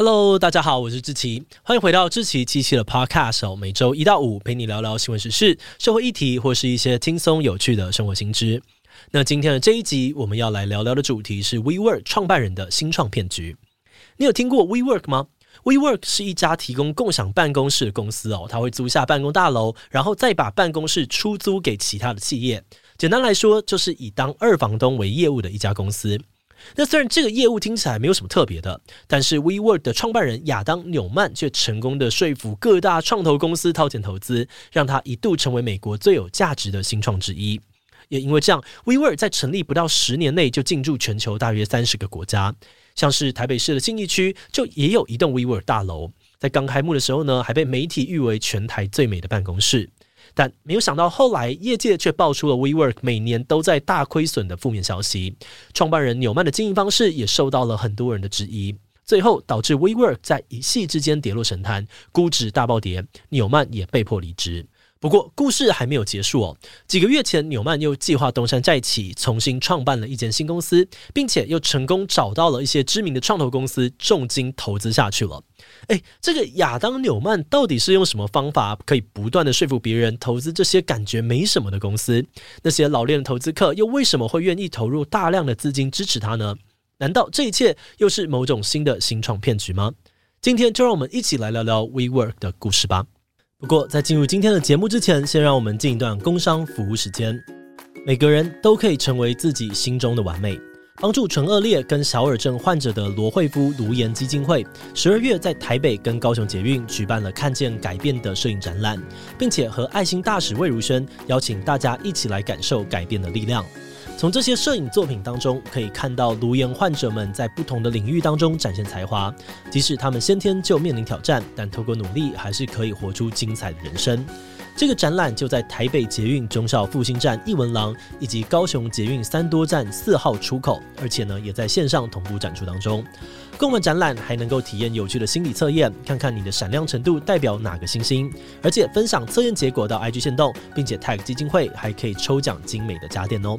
Hello，大家好，我是志祺，歡迎回到志祺七七的 Podcast 哦，每周一到五陪你聊聊新聞時事、社會議題，或是一些輕鬆有趣的生活新知。那今天的這一集，我們要來聊聊的主題是 WeWork 創辦人的新創騙局。你有聽過 WeWork 嗎？WeWork 是一家提供共享辦公室的公司哦，它會租下辦公大樓，然後再把辦公室出租給其他的企業。簡單來說，就是以當二房東為業務的一家公司。那雖然這個業務聽起來沒有什麼特別的，但是 WeWork 的創辦人亞當紐曼卻成功的說服各大創投公司掏錢投資，讓他一度成為美國最有價值的新創之一。也因為這樣，WeWork 在成立不到十年內就進駐全球大約三十個國家，像是台北市的信義區就也有一棟 WeWork 大樓，在剛開幕的時候呢，還被媒體譽為全台最美的辦公室。但沒有想到，後來業界卻爆出了 WeWork 每年都在大虧損的負面消息，創辦人紐曼的經營方式也受到了很多人的質疑，最後導致 WeWork 在一夕之間跌落神壇，估值大暴跌，紐曼也被迫離職。不過，故事還沒有結束哦。幾個月前，紐曼又計劃東山再起，重新創辦了一間新公司，並且又成功找到了一些知名的創投公司，重金投資下去了。誒，這個亞當紐曼到底是用什麼方法可以不斷地說服別人投資這些感覺沒什麼的公司？那些老練的投資客又為什麼會願意投入大量的資金支持他呢？難道這一切又是某種新的新創騙局嗎？今天就讓我們一起來聊聊 WeWork 的故事吧。不過，在進入今天的節目之前，先讓我們進一段工商服務時間。每個人都可以成為自己心中的完美，幫助唇腭裂跟小耳症患者的羅慧夫顱顏基金會，十二月在台北跟高雄捷運舉辦了看見改變的攝影展覽，並且和愛心大使魏如萱邀請大家一起來感受改變的力量。從這些攝影作品當中，可以看到顱顏患者們在不同的領域當中展現才華，即使他們先天就面臨挑戰，但透過努力還是可以活出精彩的人生。這個展覽就在台北捷運忠孝復興站藝文廊以及高雄捷運三多站四號出口，而且呢也在線上同步展出當中。逛完展覽還能夠體驗有趣的心理測驗，看看你的閃亮程度代表哪個星星，而且分享測驗結果到 IG 限動，並且 tag 基金會，還可以抽獎精美的家電哦。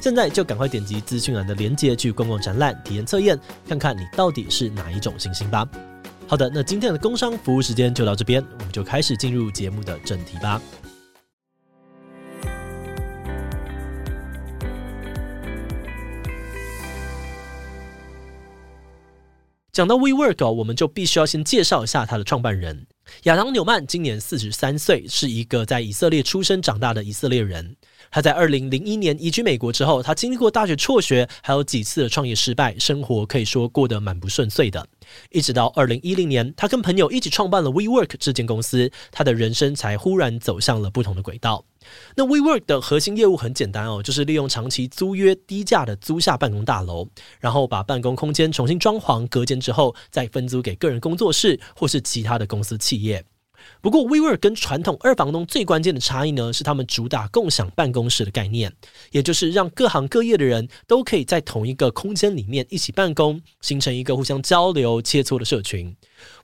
現在就趕快點擊資訊欄的連結，去逛逛展覽、體驗測驗，看看你到底是哪一種行星吧。好的，那今天的工商服務時間就到這邊，我們就開始進入節目的正題吧。講到 WeWork 哦，我們就必須要先介紹一下他的創辦人亞當紐曼，今年四十三歲，是一個在以色列出生長大的以色列人。他在二零零一年移居美國之後，他經歷過大學輟學，還有幾次的創業失敗，生活可以說過得蠻不順遂的。一直到二零一零年，他跟朋友一起創辦了 WeWork 這間公司，他的人生才忽然走向了不同的軌道。那 WeWork 的核心業務很簡單哦，就是利用長期租約低價的租下辦公大樓，然後把辦公空間重新裝潢隔間之後，再分租給個人工作室或是其他的公司企業。不過，WeWork 跟傳統二房東最關鍵的差異呢，是他們主打共享辦公室的概念，也就是讓各行各業的人都可以在同一個空間裡面一起辦公，形成一個互相交流切磋的社群。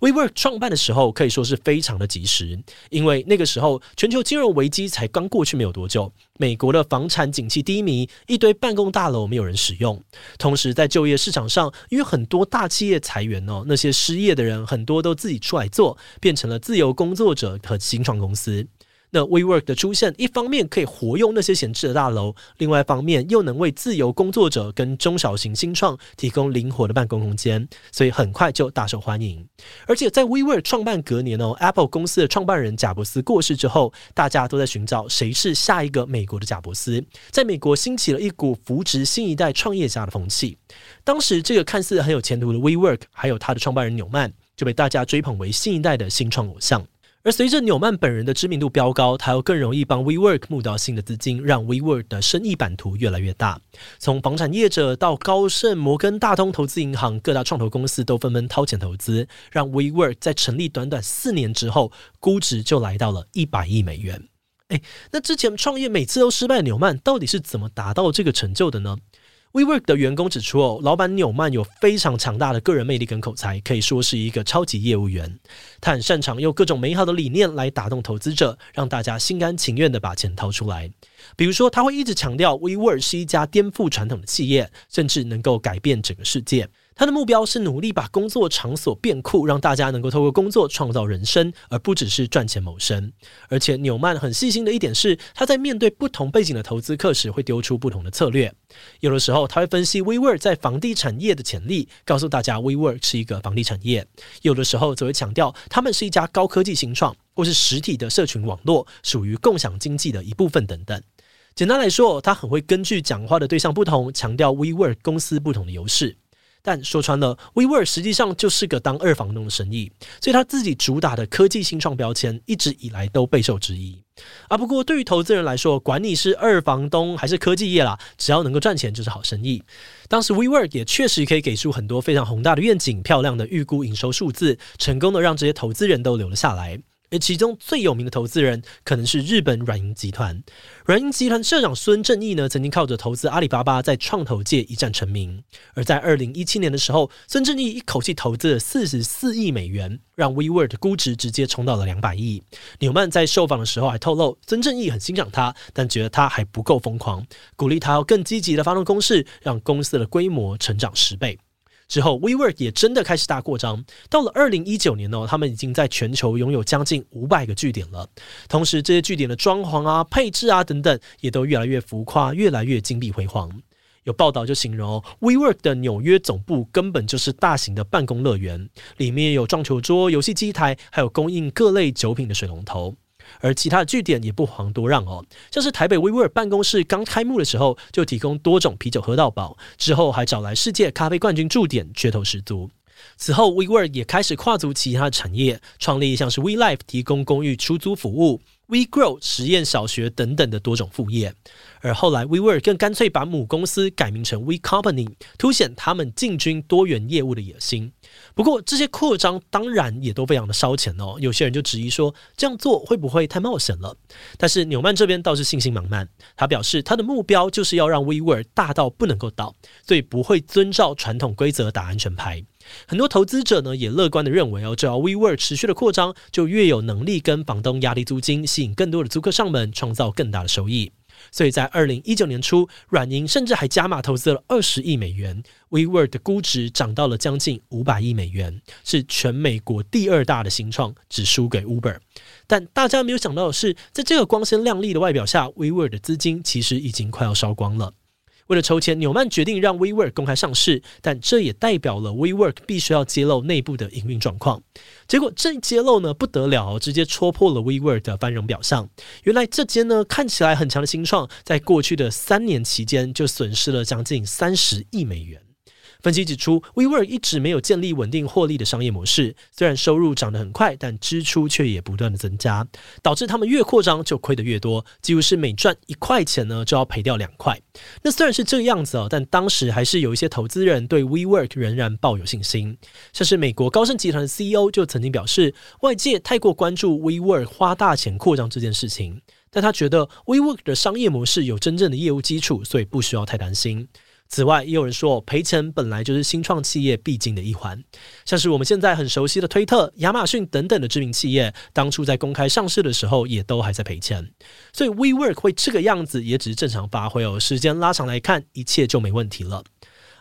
WeWork 創辦的時候可以說是非常的及時，因為那個時候全球金融危機才剛過去沒有多久，美國的房產景氣低迷，一堆辦公大樓沒有人使用。同時在就業市場上，因為很多大企業裁員哦，那些失業的人很多都自己出來做，變成了自由工作者和新創公司。那 WeWork 的出現，一方面可以活用那些閒置的大樓，另外一方面又能為自由工作者跟中小型新創提供靈活的辦公空間，所以很快就大受歡迎。而且在 WeWork 創辦隔年哦，Apple 公司的創辦人賈伯斯過世之後，大家都在尋找誰是下一個美國的賈伯斯，在美國興起了一股扶植新一代創業家的風氣。當時這個看似很有前途的 WeWork，還有他的創辦人紐曼，就被大家追捧為新一代的新創偶像。而隨着紐曼本人的知名度飆高，他又更容易幫 WeWork 募到新的資金，讓 WeWork 的生意版圖越來越大。從房產業者到高盛、摩根大通投資銀行、各大創投公司都紛紛掏錢投資，讓 WeWork 在成立短短四年之後，估值就來到了一百億美元。哎、欸，那之前創業每次都失敗的曼，紐曼到底是怎麼達到這個成就的呢？WeWork 的員工指出，哦，老闆紐曼有非常強大的個人魅力跟口才，可以說是一個超級業務員。他很擅長用各種美好的理念來打動投資者，讓大家心甘情願地把錢掏出來。比如說，他會一直強調，WeWork 是一家顛覆傳統的企業，甚至能夠改變整個世界。他的目標是努力把工作場所變酷，讓大家能夠透過工作創造人生，而不只是賺錢謀生。而且紐曼很細心的一點是，他在面對不同背景的投資客時，會丟出不同的策略。有的時候他會分析 WeWork 在房地產業的潛力，告訴大家 WeWork 是一個房地產業；有的時候則會強調他們是一家高科技新創，或是實體的社群網絡，屬於共享經濟的一部分等等。簡單來說，他很會根據講話的對象不同，強調 WeWork 公司不同的優勢。但說穿了，WeWork 實際上就是個當二房東的生意，所以他自己主打的科技新創標籤一直以來都備受質疑。啊，不過對於投資人來說，管你是二房東還是科技業啦，只要能夠賺錢就是好生意。當時 WeWork 也確實可以給出很多非常宏大的願景、漂亮的預估營收數字，成功的讓這些投資人都留了下來。而其中最有名的投資人，可能是日本軟銀集團。軟銀集團社長孫正義呢，曾經靠着投資阿里巴巴，在創投界一戰成名。而在二零一七年的時候，孫正義一口氣投資了四十四億美元，讓 WeWork 估值直接衝到了兩百億。紐曼在受訪的時候還透露，孫正義很欣賞他，但覺得他還不夠瘋狂，鼓勵他要更積極的發動攻勢，讓公司的規模成長十倍。之後，WeWork 也真的開始大擴張。到了二零一九年呢，他們已經在全球擁有將近五百個據點了。同時，這些據點的裝潢啊、配置啊等等，也都越來越浮誇，越來越金碧輝煌。有報道就形容，WeWork 的紐約總部根本就是大型的辦公樂園，裡面有撞球桌、遊戲機台，還有供應各類酒品的水龍頭。而其他的據點也不遑多讓哦，像是台北 WeWork 辦公室剛開幕的時候，就提供多種啤酒喝到飽，之後還找來世界咖啡冠軍駐點，噱頭十足。此後 WeWork 也開始跨足其他的產業，創立像是 WeLife 提供公寓出租服務。We Grow 實驗小學等等的多種副業，而後來 WeWork 更乾脆把母公司改名成 We Company，凸顯他們進軍多元業務的野心。不過這些擴張當然也都非常的燒錢哦，有些人就質疑說這樣做會不會太冒險了？但是紐曼這邊倒是信心滿滿，他表示他的目標就是要讓 WeWork 大到不能夠倒，所以不會遵照傳統規則打安全牌。很多投資者呢也樂觀地認為哦，只要 WeWork 持續的擴張，就越有能力跟房東壓低租金，吸引更多的租客上門，創造更大的收益。所以在二零一九年初，軟銀甚至還加碼投資了二十億美元，WeWork 的估值漲到了將近五百億美元，是全美國第二大的新創，只輸給 Uber。但大家沒有想到的是，在這個光鮮亮麗的外表下，WeWork 的資金其實已經快要燒光了。為了籌錢，紐曼決定讓 WeWork 公開上市，但這也代表了 WeWork 必須要揭露內部的營運狀況。結果，這一揭露呢不得了，直接戳破了 WeWork 的繁榮表象。原來，這間呢看起來很強的新創，在過去的三年期間就損失了將近三十億美元。分析指出，WeWork 一直沒有建立穩定獲利的商業模式。雖然收入漲得很快，但支出卻也不斷的增加，導致他們越擴張就虧得越多，幾乎是每賺一塊錢呢就要賠掉兩塊。那雖然是這個樣子哦，但當時還是有一些投資人對 WeWork 仍然抱有信心。像是美國高盛集團的 CEO 就曾經表示，外界太過關注 WeWork 花大錢擴張這件事情，但他覺得 WeWork 的商業模式有真正的業務基礎，所以不需要太擔心。此外，也有人說，賠錢本來就是新創企業必經的一環。像是我們現在很熟悉的推特、亞馬遜等等的知名企業，當初在公開上市的時候，也都還在賠錢。所以，WeWork 會這個樣子，也只是正常發揮哦。時間拉長來看，一切就沒問題了。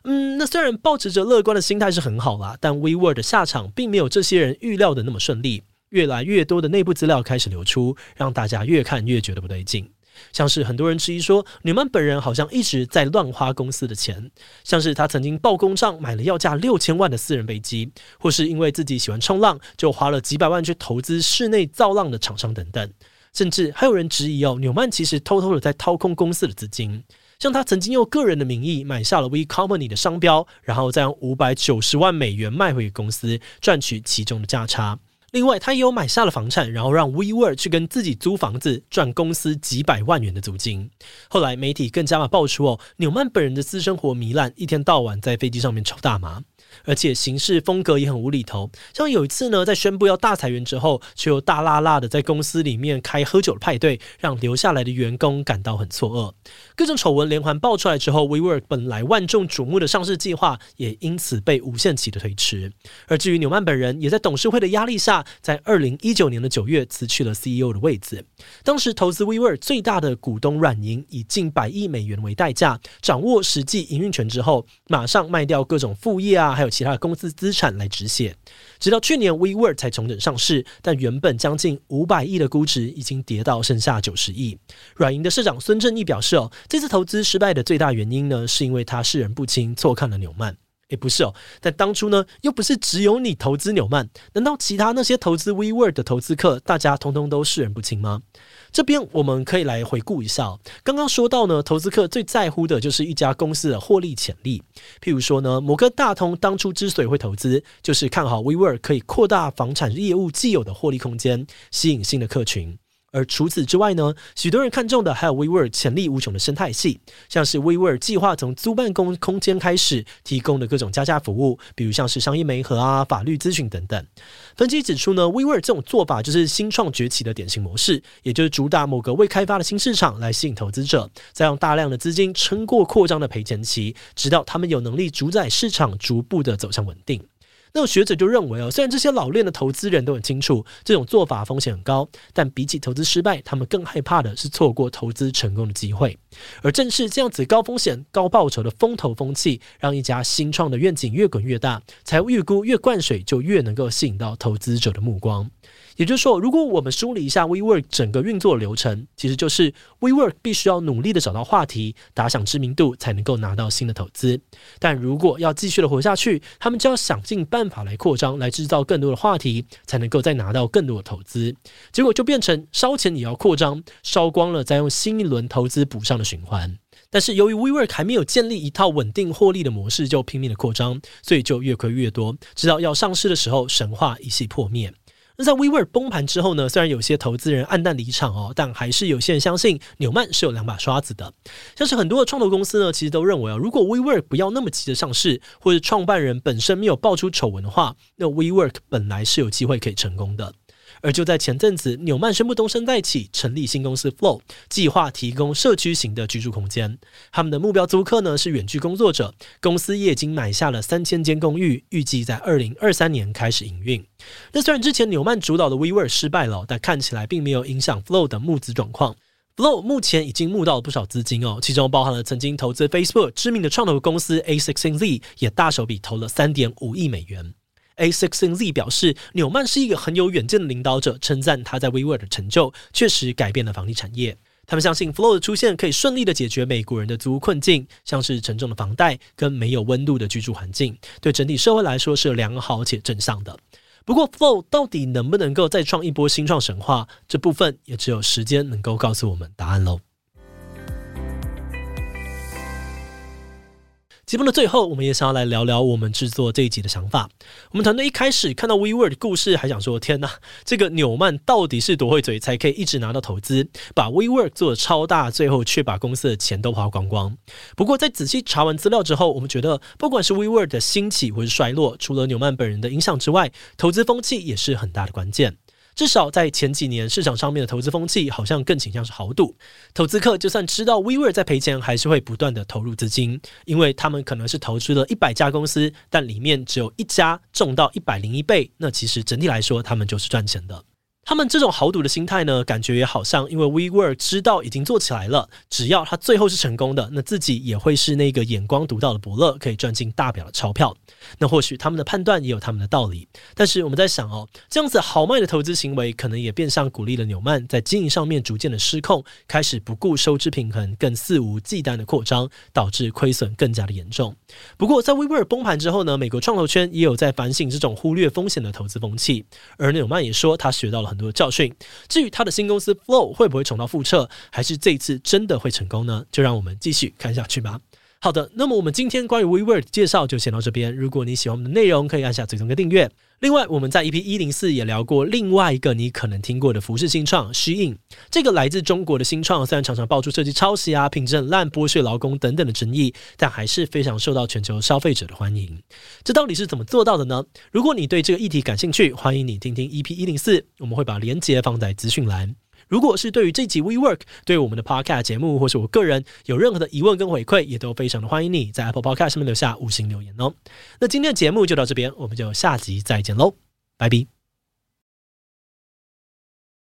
嗯，那雖然抱持着樂觀的心態是很好啦，但 WeWork 的下場並沒有這些人預料的那麼順利。越來越多的內部資料開始流出，讓大家越看越覺得不對勁。像是很多人質疑說，紐曼本人好像一直在亂花公司的錢，像是他曾經報公賬買了要價六千萬的私人飛機，或是因為自己喜歡衝浪，就花了幾百萬去投資室內造浪的廠商等等。甚至還有人質疑哦，紐曼其實偷偷的在掏空公司的資金，像他曾經用個人的名義買下了 We Company 的商標，然後再用五百九十萬美元賣回公司，賺取其中的價差。另外，他也有買下了房產，然後讓 WeWork 去跟自己租房子，賺公司幾百萬元的租金。後來，媒體更加的爆出哦，紐曼本人的私生活糜爛，一天到晚在飛機上面抽大麻。而且行事風格也很無厘頭，像有一次呢，在宣布要大裁員之後，卻又大剌剌的在公司裡面開喝酒的派對，讓留下來的員工感到很錯愕。各種醜聞連環爆出來之後，WeWork 本來萬眾矚目的上市計劃也因此被無限期的推遲。而至於紐曼本人，也在董事會的壓力下，在二零一九年的九月辭去了 CEO 的位置。當時投資 WeWork 最大的股東軟銀，以近百億美元為代價掌握實際營運權之後，馬上賣掉各種副業啊，還有。有其他的公司資產來止血，直到去年 WeWork 才重整上市，但原本將近五百億的估值已經跌到剩下九十億。軟銀的社長孫正義表示：“哦，這次投資失敗的最大原因呢，是因為他識人不清，錯看了紐曼。”也、欸、不是哦，但當初呢，又不是只有你投資紐曼，難道其他那些投資 WeWork 的投資客，大家通通都識人不清嗎？這邊我們可以來回顧一下剛、哦、剛說到呢，投資客最在乎的就是一家公司的獲利潛力。譬如說呢，某個大通當初之所以會投資，就是看好 WeWork 可以擴大房產業務既有的獲利空間，吸引新的客群。而除此之外呢，許多人看中的還有 WeWork 潛力無窮的生態系，像是 WeWork 計劃從租辦公空間開始提供的各種加價服務，比如像是商業媒合啊、法律諮詢等等。分析指出呢，WeWork 這種做法就是新創崛起的典型模式，也就是主打某個未開發的新市場來吸引投資者，再用大量的資金撐過擴張的賠錢期，直到他們有能力主宰市場，逐步的走向穩定。那學者就認為哦，雖然這些老練的投資人都很清楚這種做法風險很高，但比起投資失敗，他們更害怕的是錯過投資成功的機會。而正是這樣子高風險高報酬的風投風氣，讓一家新創的願景越滾越大，財務預估越灌水就越能夠吸引到投資者的目光。也就是說，如果我們梳理一下 WeWork 整個運作流程，其實就是 WeWork 必須要努力的找到話題，打響知名度，才能夠拿到新的投資。但如果要繼續的活下去，他們就要想盡辦法來擴張，來製造更多的話題，才能夠再拿到更多的投資。結果就變成燒錢也要擴張，燒光了再用新一輪投資補上的循環。但是由於 WeWork 還沒有建立一套穩定獲利的模式，就拼命的擴張，所以就越虧越多，直到要上市的時候，神話一夕破滅。那在 WeWork 崩盤之後呢，雖然有些投資人黯淡離場哦，但還是有些人相信紐曼是有兩把刷子的。像是很多的創投公司呢，其實都認為啊、哦，如果 WeWork 不要那麼急着上市，或者創辦人本身沒有爆出醜聞的話，那 WeWork 本來是有機會可以成功的。而就在前陣子，紐曼宣布東山再起，成立新公司 Flow，計劃提供社區型的居住空間。他們的目標租客呢是遠距工作者。公司也已經買下了三千間公寓，預計在二零二三年開始營運。那雖然之前紐曼主導的 WeWork 失敗了，但看起來並沒有影響 Flow 的募資狀況。Flow 目前已經募到了不少資金哦，其中包含了曾經投資 Facebook 知名的創投公司 A16Z，也大手筆投了三點五億美元。A16Z 表示，紐曼是一個很有遠見的領導者，稱讚他在 WeWork 的成就確實改變了房地產業。他們相信 Flow 的出現可以順利的解決美國人的租屋困境，像是沉重的房貸跟沒有溫度的居住環境，對整體社會來說是良好且正向的。不過，Flow 到底能不能夠再創一波新創神話，這部分也只有時間能夠告訴我們答案嘍。節目的最後，我們也想要來聊聊我們製作這一集的想法。我們團隊一開始看到 WeWork 故事，還想說：“天哪、啊，這個紐曼到底是多會嘴，才可以一直拿到投資，把 WeWork 做得超大，最後卻把公司的錢都花光光？”不過，在仔細查完資料之後，我們覺得，不管是 WeWork 的興起或是衰落，除了紐曼本人的影響之外，投資風氣也是很大的關鍵。至少在前幾年，市場上面的投資風氣好像更傾向是豪賭。投資客就算知道 WeWork 在賠錢，還是會不斷的投入資金，因為他們可能是投資了一百家公司，但裡面只有一家中到一百零一倍，那其實整體來說，他們就是賺錢的。他們這種豪賭的心態呢，感覺也好像因為 WeWork 知道已經做起來了，只要他最後是成功的，那自己也會是那個眼光獨到的伯樂，可以賺進大表的鈔票。那或許他們的判斷也有他們的道理，但是我們在想哦，這樣子豪邁的投資行為，可能也變相鼓勵了紐曼在經營上面逐漸的失控，開始不顧收支平衡，更肆無忌憚的擴張，導致虧損更加的嚴重。不過在 WeWork 崩盤之後呢，美國創投圈也有在反省這種忽略風險的投資風氣，而紐曼也說他學到了很很多教訓。至於他的新公司 Flow 會不會重蹈覆轍，還是這一次真的會成功呢？就讓我們繼續看下去吧。好的，那麼我們今天關於 WeWork 的介紹就先到這邊。如果你喜歡我們的內容，可以按下追蹤跟訂閱。另外，我們在 EP 一零四也聊過另外一個你可能聽過的服飾新創，SHEIN。這個來自中國的新創雖然常常爆出設計抄襲啊、品質爛、剝削勞工等等的爭議，但還是非常受到全球消費者的歡迎。這到底是怎麼做到的呢？如果你對這個議題感興趣，歡迎你聽聽 EP 一零四，我們會把鏈接放在資訊欄。如果是對於這集 WeWork，對我們的 Podcast 節目，或是我個人有任何的疑問跟回饋，也都非常的歡迎你在 Apple Podcast 上面留下五星留言哦。那今天的節目就到這邊，我們就下集再見嘍，拜拜。